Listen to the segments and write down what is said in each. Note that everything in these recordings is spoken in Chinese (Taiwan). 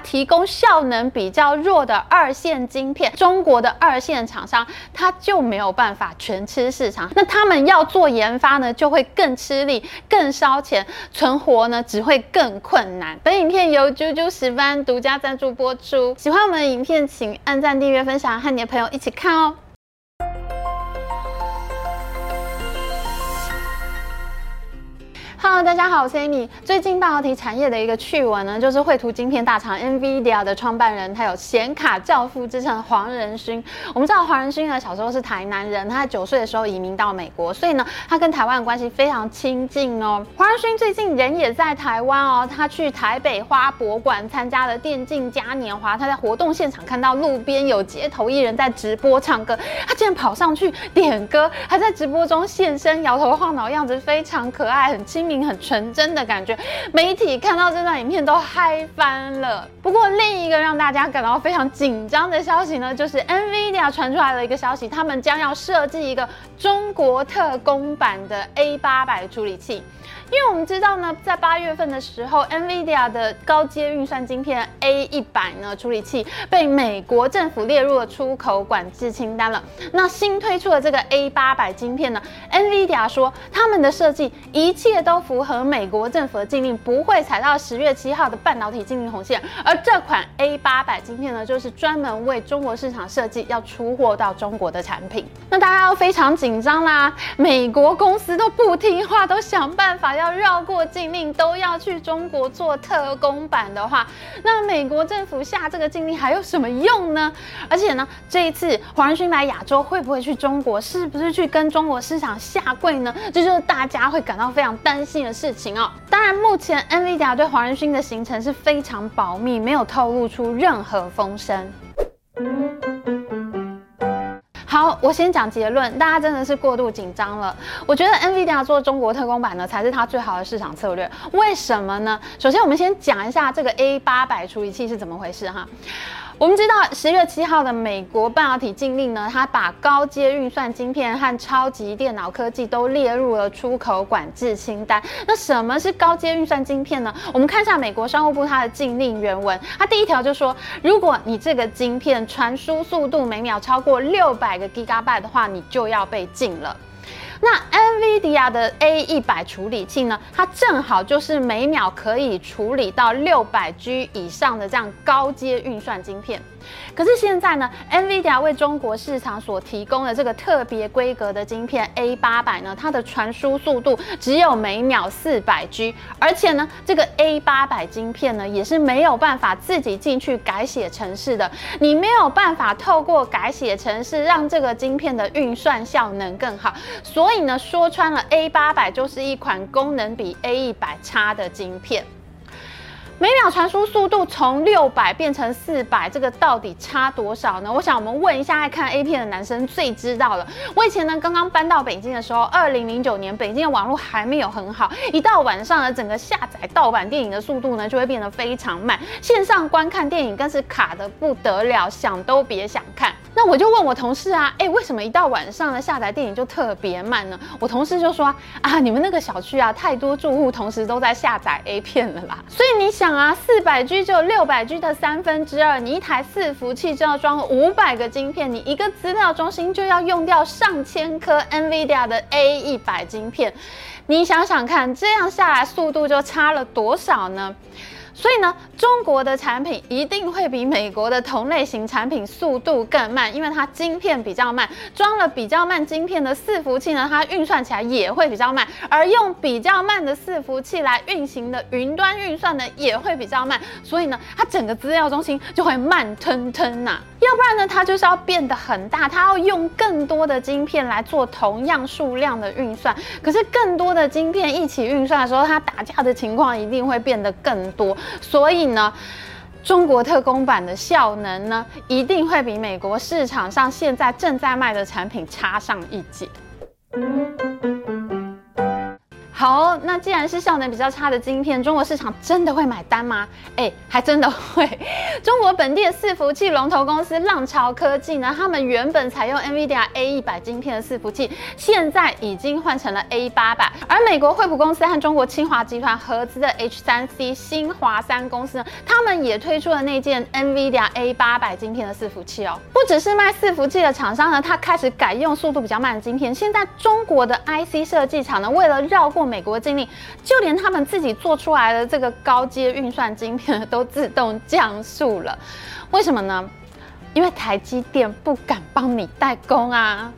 提供效能比較弱的二線晶片，中國的二線廠商它就沒有辦法全吃市場，那他們要做研發呢，就會更吃力、更燒錢，存活呢只會更困難。本影片由啾啾石斑獨家贊助播出，喜歡我們的影片請按贊、訂閱、分享，和你的朋友一起看哦。哈嘍，大家好，我是 Amy。最近半導體產業的一個趣聞呢，就是繪圖晶片大廠 NVIDIA 的創辦人，他有顯卡教父之稱黃仁勳。我們知道黃仁勳呢，小時候是台南人，他在九歲的時候移民到美國，所以呢，他跟台灣的關係非常親近哦。黃仁勳最近人也在台灣哦，他去台北花博館參加了電競嘉年華，他在活動現場看到路邊有街頭藝人在直播唱歌，他竟然跑上去點歌，還在直播中現身，搖頭晃腦，樣子非常可愛，很親。很純真的感覺，媒體看到這段影片都嗨翻了。不過，另一個讓大家感到非常緊張的消息呢，就是 NVIDIA 傳出來了一個消息，他們將要設計一個中國特供版的 A800 處理器。因為我們知道呢，在八月份的時候，NVIDIA 的高階運算晶片 A 一百呢處理器被美國政府列入了出口管制清單了。那新推出的這個 A 八百晶片呢，NVIDIA 說他們的設計一切都符合美國政府的禁令，不會踩到十月七號的半導體禁令紅線。而這款 A 八百晶片呢，就是專門為中國市場設計，要出貨到中國的產品。那大家都非常緊張啦，美國公司都不聽話，都想辦法。要繞過禁令，都要去中國做特供版的話，那美國政府下這個禁令還有什麼用呢？而且呢，這一次黃仁勳來亞洲會不會去中國，是不是去跟中國市場下跪呢？這就是大家會感到非常擔心的事情哦。當然，目前 NVIDIA 對黃仁勳的行程是非常保密，沒有透露出任何風聲。嗯好，我先講結論，大家真的是過度緊張了。我覺得 NVIDIA 做中國特供版呢，才是它最好的市場策略，為什麼呢？首先，我們先講一下這個 A800 處理器是怎麼回事哈。我們知道十月七號的美國半導體禁令呢，它把高階運算晶片和超級電腦科技都列入了出口管制清單。那什麼是高階運算晶片呢？我們看一下美國商務部它的禁令原文，它第一條就說：如果你這個晶片傳輸速度每秒超過六百個 GigaByte 的話，你就要被禁了。那 NVIDIA 的 A100 處理器呢，它正好就是每秒可以處理到 600G 以上的這樣高階運算晶片。可是現在呢，NVIDIA 為中國市場所提供的這個特別規格的晶片 A 八百呢，它的傳輸速度只有每秒四百 G，而且呢，這個 A 八百晶片呢也是沒有辦法自己進去改寫程式的，你沒有辦法透過改寫程式讓這個晶片的運算效能更好。所以呢，說穿了，A 八百就是一款功能比 A 一百差的晶片。每秒傳輸速度從六百變成四百，這個到底差多少呢？我想我們問一下愛看 A 片的男生最知道了。我以前呢，剛剛搬到北京的時候，二零零九年，北京的網絡還沒有很好，一到晚上呢，整個下載盜版電影的速度呢就會變得非常慢，線上觀看電影更是卡得不得了，想都別想看。那我就問我同事啊，哎，為什麼一到晚上呢，下載電影就特別慢呢？我同事就說啊，你們那個小區啊，太多住戶同時都在下載 A 片了吧？所以你想啊，四百 G 就有六百 G 的三分之二，你一台伺服器就要裝五百個晶片，你一個資料中心就要用掉上千顆 NVIDIA 的 A 一百晶片，你想想看，這樣下來速度就差了多少呢？所以呢，中國的產品一定會比美國的同類型產品速度更慢，因為它晶片比較慢，裝了比較慢晶片的伺服器呢，它運算起來也會比較慢，而用比較慢的伺服器來運行的雲端運算呢，也會比較慢。所以呢，它整個資料中心就會慢吞吞吶啊。要不然呢，它就是要變得很大，它要用更多的晶片來做同樣數量的運算。可是更多的晶片一起運算的時候，它打架的情況一定會變得更多。所以呢，中國特供版的效能呢，一定會比美國市場上現在正在賣的產品差上一截。好，那既然是效能比較差的晶片，中國市場真的會買單嗎？哎，還真的會。中國本地的伺服器龍頭公司浪潮科技呢，他們原本採用 NVIDIA A100 晶片的伺服器，現在已經換成了 A800。而美國惠普公司和中國清華集團合資的 H3C 新華三公司呢，他們也推出了那件 NVIDIA A800 晶片的伺服器哦。不只是賣伺服器的廠商呢，他開始改用速度比較慢的晶片。現在中國的 IC 設計廠呢，為了繞過美國禁令，就連他們自己做出來的這個高階運算晶片都自動降速了，為什麼呢？因為台積電不敢幫你代工啊。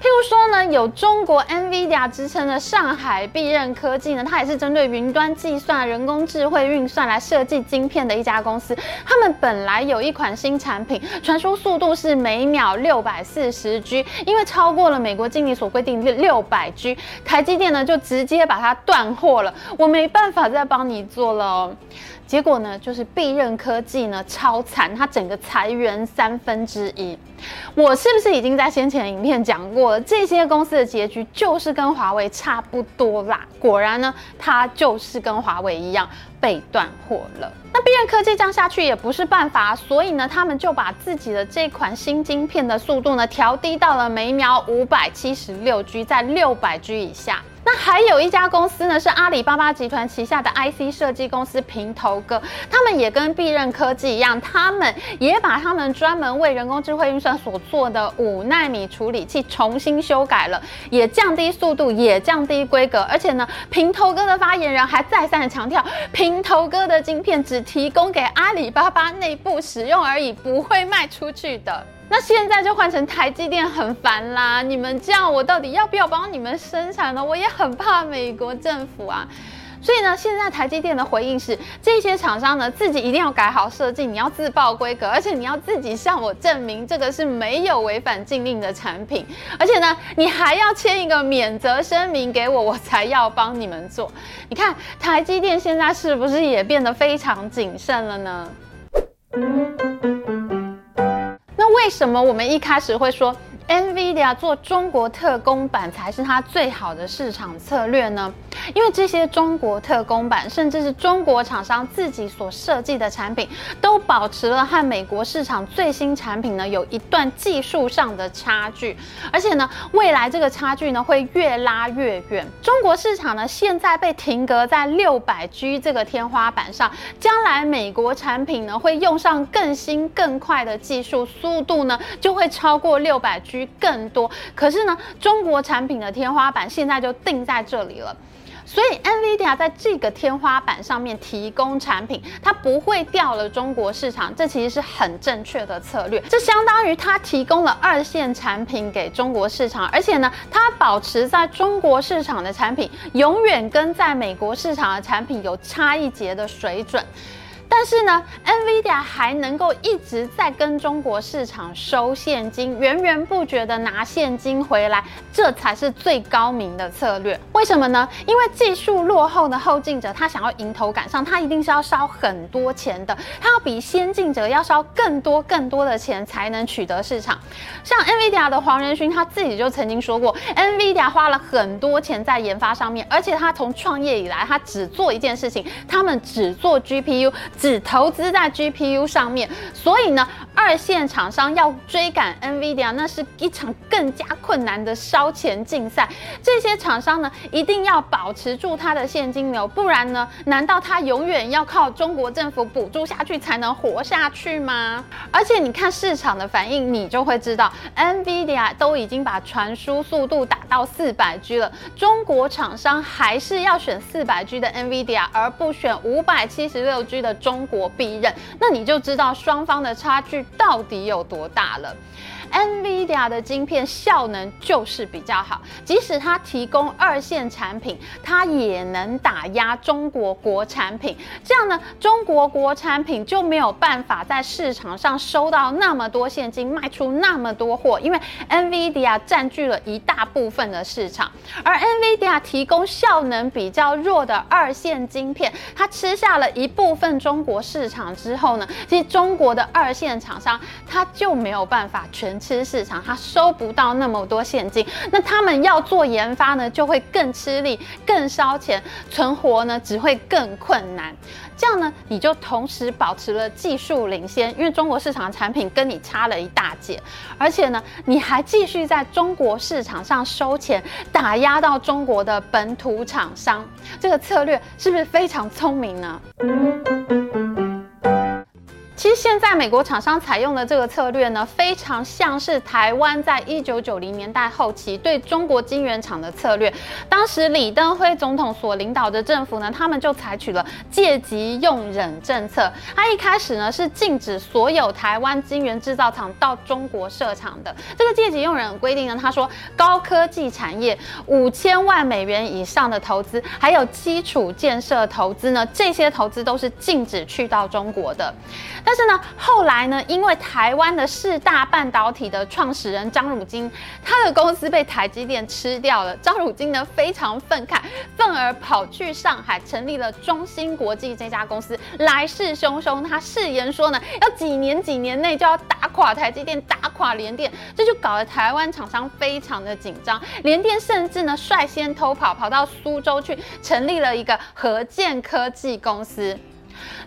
譬如說呢，有中國 NVIDIA 之稱的上海壁仞科技呢，它也是針對雲端計算、人工智慧運算來設計晶片的一家公司。他們本來有一款新產品，傳輸速度是每秒六百四十 G，因為超過了美國禁令所規定的六百 G，台積電呢就直接把它斷貨了，我沒辦法再幫你做了哦。結果呢，就是壁仞科技呢超慘，它整個裁員三分之一。我是不是已經在先前影片講過了？這些公司的結局就是跟華為差不多啦。果然呢，它就是跟華為一樣被斷貨了。那壁仞科技這樣下去也不是辦法，所以呢，他們就把自己的這款新晶片的速度呢調低到了每秒五百七十六 G，在六百 G 以下。那還有一家公司呢，是阿里巴巴集團旗下的 IC 設計公司平頭哥，他們也跟壁仞科技一樣，他們也把他們專門為人工智慧運算所做的五納米處理器重新修改了，也降低速度，也降低規格，而且呢，平頭哥的發言人還再三強調，平頭哥的晶片只提供給阿里巴巴內部使用而已，不會賣出去的。那現在就換成台積電很煩啦！你們這樣，我到底要不要幫你們生產呢？我也很怕美國政府啊。所以呢，現在台積電的回應是：這些廠商呢，自己一定要改好設計，你要自報規格，而且你要自己向我證明這個是沒有違反禁令的產品。而且呢，你還要簽一個免責聲明給我，我才要幫你們做。你看台積電現在是不是也變得非常謹慎了呢？為什麼我們一開始會說，NVIDIA 做中國特供版才是它最好的市場策略呢，因為這些中國特供版，甚至是中國廠商自己所設計的產品，都保持了和美國市場最新產品呢有一段技術上的差距，而且呢，未來這個差距呢會越拉越遠。中國市場呢現在被停格在六百 G 這個天花板上，將來美國產品呢會用上更新更快的技術，速度呢就會超過六百 G。更多，可是呢，中國產品的天花板現在就定在這裡了，所以 NVIDIA 在這個天花板上面提供產品，它不會掉了中國市場，這其實是很正確的策略。這相當於它提供了二線產品給中國市場，而且呢，它保持在中國市場的產品永遠跟在美國市場的產品有差一截的水準。但是呢，NVIDIA 還能夠一直在跟中國市場收現金，源源不絕的拿現金回來，這才是最高明的策略。為什麼呢？因為技術落後的後進者，他想要迎頭趕上，他一定是要燒很多錢的，他要比先進者要燒更多更多的錢才能取得市場。像 NVIDIA 的黃仁勳，他自己就曾經說過，NVIDIA 花了很多錢在研發上面，而且他從創業以來，他只做一件事情，他們只做 GPU。只投資在 GPU 上面，所以呢，二線廠商要追趕 NVIDIA，那是一場更加困難的燒錢競賽。這些廠商呢，一定要保持住它的現金流，不然呢，難道它永遠要靠中國政府補助下去才能活下去嗎？而且你看市場的反應，你就會知道，NVIDIA 都已經把傳輸速度打到 400G 了，中國廠商還是要選 400G 的 NVIDIA，而不選 576G 的中。中國必一，那你就知道雙方的差距到底有多大了。NVIDIA 的晶片效能就是比較好，即使它提供二線產品，它也能打壓中國國產品。這樣呢，中國國產品就沒有辦法在市場上收到那麼多現金，賣出那麼多貨，因為 NVIDIA 佔據了一大部分的市場。而 NVIDIA 提供效能比較弱的二線晶片，它吃下了一部分中國市場之後呢，其實中國的二線廠商它就沒有辦法全。吃市場，他收不到那麼多現金，那他們要做研發呢，就會更吃力、更燒錢，存活呢只會更困難。這樣呢，你就同時保持了技術領先，因為中國市場的產品跟你差了一大截，而且呢，你還繼續在中國市場上收錢，打壓到中國的本土廠商，這個策略是不是非常聰明呢？嗯嗯嗯其實現在美國廠商採用的這個策略呢，非常像是台灣在一九九零年代後期對中國晶圓廠的策略。當時李登輝總統所領導的政府呢，他們就採取了戒急用忍政策。他一開始呢是禁止所有台灣晶圓製造廠到中國設廠的。這個戒急用忍規定呢，他說高科技產業五千萬美元以上的投資，還有基礎建設投資呢，這些投資都是禁止去到中國的。但是呢，後來呢，因為台灣的四大半導體的創始人張汝京，他的公司被台積電吃掉了。張汝京呢非常憤慨，憤而跑去上海成立了中芯國際這家公司，來勢洶洶。他誓言說呢，要幾年幾年內就要打垮台積電，打垮聯電，這就搞得台灣廠商非常的緊張。聯電甚至呢率先偷跑，跑到蘇州去成立了一個合建科技公司。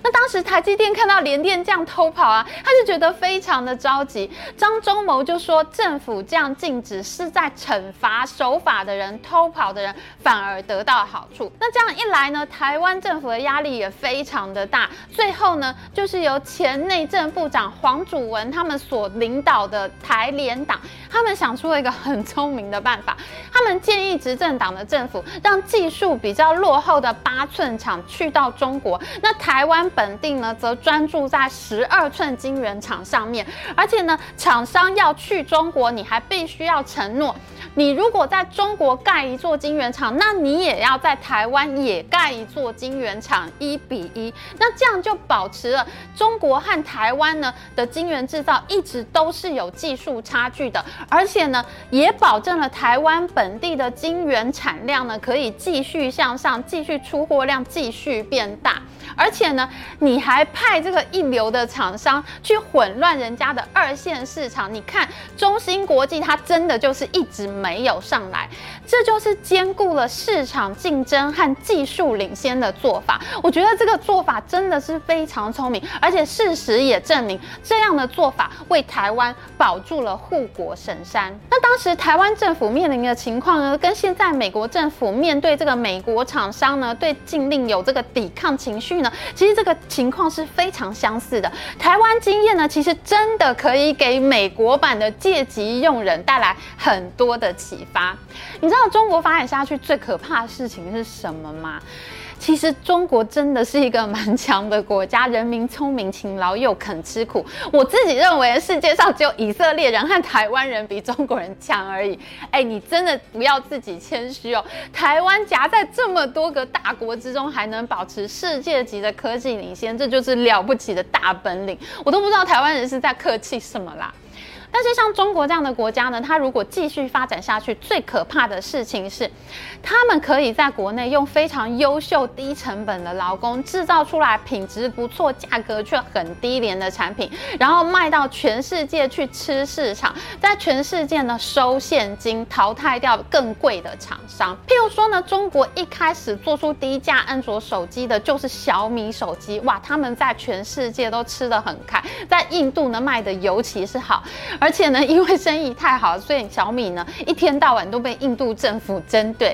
那當時台積電看到聯電這樣偷跑啊，他就覺得非常的着急。張忠謀就說，政府這樣禁止是在懲罰守法的人，偷跑的人反而得到好處。那這樣一來呢，台灣政府的壓力也非常的大。最後呢，就是由前內政部長黃祖文他們所領導的台聯黨，他們想出了一個很聰明的辦法。他們建議執政黨的政府讓技術比較落後的八寸廠去到中國，那台灣。本地呢，則專注在十二寸晶圓廠上面，而且呢，廠商要去中國，你還必須要承諾，你如果在中國蓋一座晶圓廠，那你也要在台灣也蓋一座晶圓廠，一比一，那這樣就保持了中國和台灣呢的晶圓製造一直都是有技術差距的，而且呢，也保證了台灣本地的晶圓產量呢可以繼續向上，繼續出貨量繼續變大，而且呢。你還派這個一流的廠商去混亂人家的二線市場？你看中芯國際，它真的就是一直沒有上來，這就是兼顧了市場競爭和技術領先的做法。我覺得這個做法真的是非常聰明，而且事實也證明，這樣的做法為台灣保住了護國神山。那當時台灣政府面臨的情況呢，跟現在美國政府面對這個美國廠商呢對禁令有這個抵抗情緒呢，其實這個。情況是非常相似的。台灣經驗呢，其實真的可以給美國版的戒急用忍帶來很多的啟發。你知道中國發展下去最可怕的事情是什麼嗎？其實中國真的是一個蠻強的國家，人民聰明勤勞又肯吃苦。我自己認為世界上只有以色列人和台灣人比中國人強而已。哎，你真的不要自己謙虛哦。台灣夾在這麼多個大國之中，還能保持世界級的科技領先，這就是了不起的大本領。我都不知道台灣人是在客氣什麼啦。但是像中國這樣的國家呢，它如果繼續發展下去，最可怕的事情是，他們可以在國內用非常優秀、低成本的勞工制造出來品質不錯、價格卻很低廉的產品，然後賣到全世界去吃市場，在全世界呢收現金，淘汰掉更貴的廠商。譬如說呢，中國一開始做出低價安卓手機的就是小米手機，哇，他們在全世界都吃得很開，在印度呢賣的尤其是好。而且呢，因為生意太好，所以小米呢一天到晚都被印度政府針對。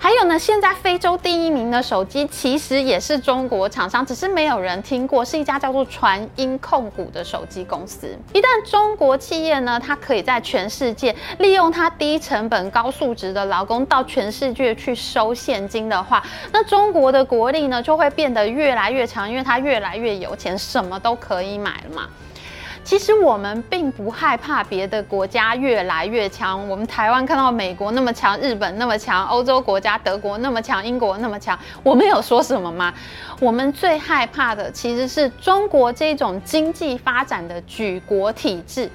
還有呢，現在非洲第一名的手機其實也是中國廠商，只是沒有人聽過，是一家叫做傳音控股的手機公司。一旦中國企業呢，它可以在全世界利用它低成本高素質的勞工到全世界去收現金的話，那中國的國力呢就會變得越來越強，因為它越來越有錢，什麼都可以買了嘛。其實我們並不害怕別的國家越來越強。我們台灣看到美國那麼強，日本那麼強，歐洲國家德國那麼強，英國那麼強，我們有說什麼嗎？我們最害怕的，其實是中國這種經濟發展的舉國體制。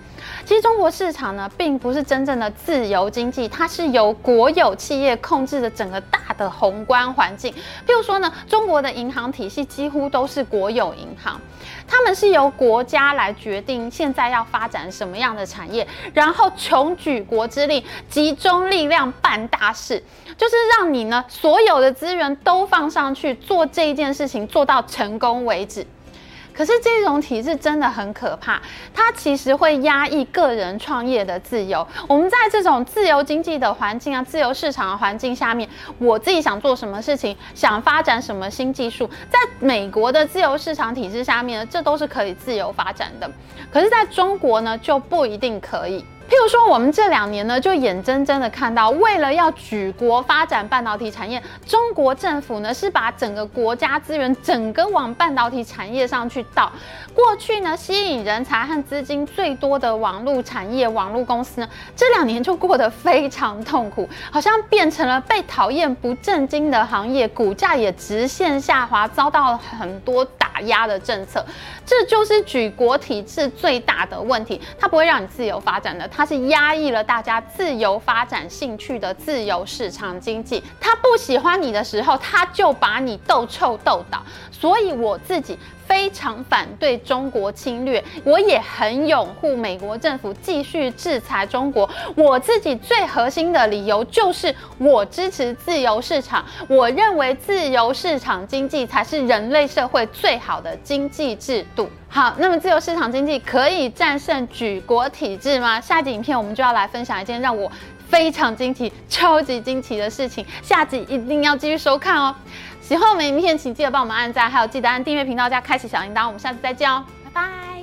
其實中國市場呢，並不是真正的自由經濟，它是由國有企業控制着整個大的宏觀環境。譬如說呢，中國的銀行體系幾乎都是國有銀行，它們是由國家來決定現在要發展什麼樣的產業，然後窮舉國之力，集中力量辦大事，就是讓你呢所有的資源都放上去做這一件事情，做到成功為止。可是這種體制真的很可怕，它其實會壓抑個人創業的自由。我們在這種自由經濟的環境啊，自由市場的環境下面，我自己想做什麼事情，想發展什麼新技術，在美國的自由市場體制下面呢，這都是可以自由發展的。可是在中國呢，就不一定可以。譬如說，我們這兩年呢，就眼睜睜的看到，為了要舉國發展半導體產業，中國政府呢是把整個國家資源整個往半導體產業上去倒。過去呢，吸引人才和資金最多的網絡產業、網絡公司呢，這兩年就過得非常痛苦，好像變成了被討厭不正經的行業，股價也直線下滑，遭到了很多打壓的政策，這就是舉國體制最大的問題。它不會讓你自由發展的，它是壓抑了大家自由發展興趣的自由市場經濟。他不喜歡你的時候，他就把你鬥臭鬥倒。所以我自己非常反對中國侵略，我也很擁護美國政府繼續制裁中國。我自己最核心的理由就是我支持自由市場，我認為自由市場經濟才是人類社會最好的。好的經濟制度，好，那麼自由市場經濟可以戰勝舉國體制嗎？下一集影片我們就要來分享一件讓我非常驚奇、超級驚奇的事情，下集一定要繼續收看哦！喜歡我們影片，請記得幫我們按讚，還有記得按訂閱頻道加開啟小鈴鐺，我們下次再見哦，拜拜。